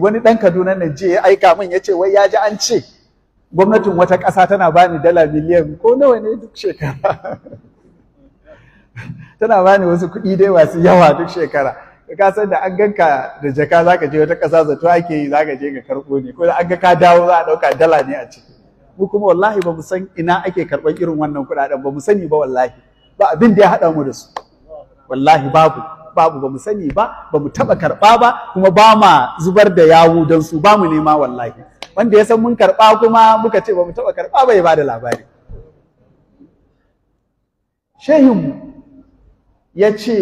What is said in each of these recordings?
wani ɗan Kaduna na je ya aika min ya ce wai ya ji an ce gwamnatin wata ƙasa tana bani dala miliyan ko nawa ne duk shekara tana bani wasu kuɗi dai masu yawa duk shekara ka san da an ganka da jaka za ka je wata ƙasa zato ake yi za ka je ka karɓo ne ko da an ga ka dawo za a ɗauka dala ne a ciki mu kuma wallahi ba mu san ina ake karɓar irin wannan kuɗaɗen ba mu sani ba wallahi ba abin da ya haɗa mu da su wallahi babu babu ba mu sani ba ba mu taɓa karɓa ba kuma ba ma zubar da yawu don su ba mu nema wallahi wanda ya san mun karɓa kuma muka ce ba mu taɓa karɓa ba ya ba da labari shehinmu ya ce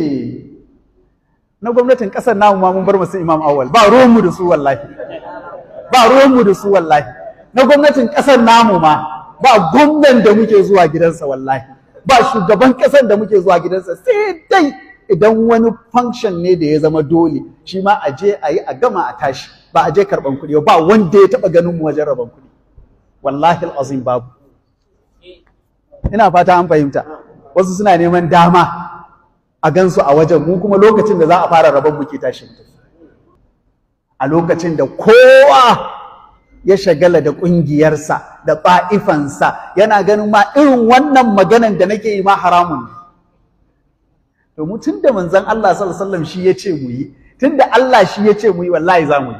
na gwamnatin ƙasar namu ma mun bar masu imam awal ba ruwanmu da su wallahi ba ruwanmu da su wallahi na gwamnatin ƙasar namu ma ba gwamnan da muke zuwa gidansa wallahi ba shugaban ƙasar da muke zuwa gidansa sai dai idan wani function ne da ya zama dole shi ma a je a yi a gama a tashi ba a je karban kuɗi ba wanda ya taɓa ganin mu wajen rabon kuɗi wallahi azim babu ina fata an fahimta wasu suna neman dama a gansu a wajen mu kuma lokacin da za a fara rabon muke tashi a lokacin da kowa ya shagala da ƙungiyarsa da ba'ifansa yana ganin ma irin wannan maganan da nake yi ma haramun ne to mu tun da manzon Allah sallallahu alaihi wasallam shi ya ce mu yi tun da Allah shi ya ce mu yi wallahi za mu yi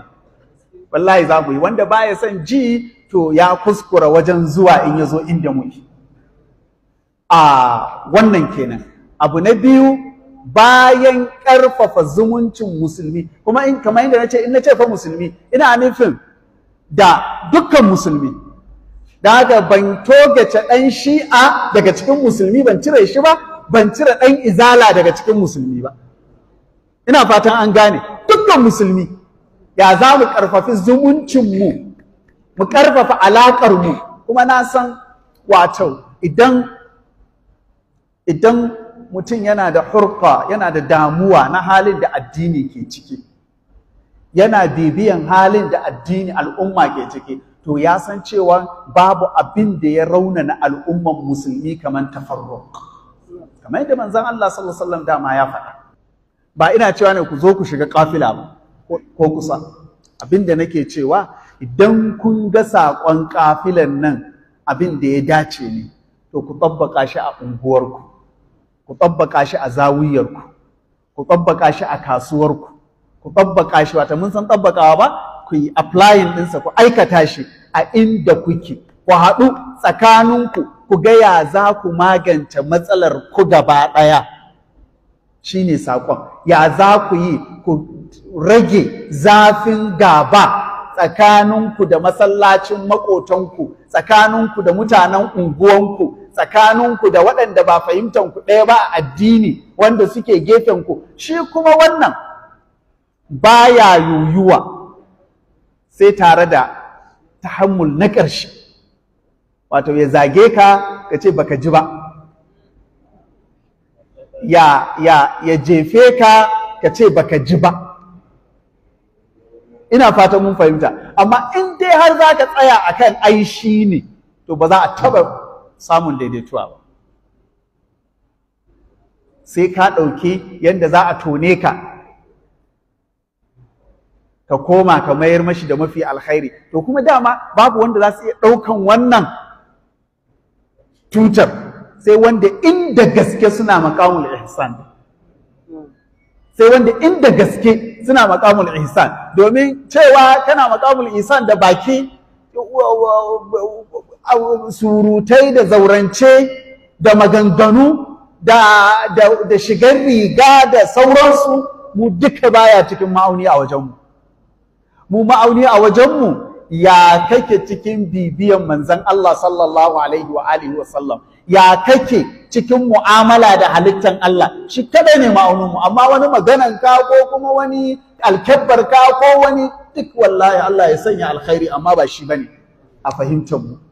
wallahi za mu yi wanda baya son ji to ya kuskura wajen zuwa in ya zo inda mu yi a wannan kenan abu na biyu bayan ƙarfafa zumuncin musulmi kuma in kamar yadda ce in ce fa musulmi ina nufin da dukkan musulmi da haka ban togace ɗan shi'a daga cikin musulmi ban cire shi ba ban cire ɗan izala daga cikin musulmi ba ina fatan an gane dukkan musulmi ya za mu ƙarfafi zumuncinmu mu ƙarfafa alaƙarmu kuma na san wato idan idan mutum yana da hurfa yana da damuwa na halin da addini ke ciki yana bibiyan halin da addini al'umma ke ciki to ya san cewa babu abin da ya na al'umman musulmi kamar tafarruk kamar yadda manzon Allah sallallahu alaihi wasallam dama ya faɗa ba ina cewa ne ku zo ku shiga kafila ba ko kusa abinda nake cewa idan kun ga saƙon kafilan nan abin da ya dace ne to ku tabbaka shi a unguwarku ku tabbaka shi a zawiyarku ku tabbaka shi a kasuwarku ku tabbaka shi wata mun san tabbakawa ba ku yi applying ɗinsa ku aikata shi a inda kuke ku haɗu tsakaninku ku ga ya za ku magance matsalar ku gaba ɗaya shi ne saƙon ya za ku yi ku rage zafin gaba tsakaninku da masallacin maƙotanku tsakaninku da mutanen unguwanku tsakaninku da waɗanda ba fahimtanku ɗaya ba a addini wanda suke ku. shi kuma wannan Ba ya yuyuwa sai tare da tahammul na ƙarshe wato ya zage ka ka ce baka ji ba ya jefe ka ka ce baka ji ba ina fatan mun fahimta amma in dai har za ka tsaya akan ai shi ne to ba za a taba samun daidaituwa ba sai ka ɗauki yadda za a tone ka ka koma ka mayar mashi da mafi alkhairi to kuma dama babu wanda za su iya ɗaukan wannan cutar sai wanda inda gaske suna makamun ihsan sai wanda inda gaske suna ihsan domin cewa kana makamun ihsan da baki surutai da zaurance da maganganu da, da, shigar riga da sauransu mu duka baya cikin ma'auni a wajenmu mu ma'auni a wajenmu ya kake cikin bibiyan manzon Allah sallallahu alaihi wa alihi wa sallam ya kake cikin mu'amala da halittan Allah shi kadai ne ma'aunin mu amma wani maganan ka ko kuma wani alkebbar ka ko wani duk wallahi Allah ya sanya alkhairi amma ba shi bane a fahimtar mu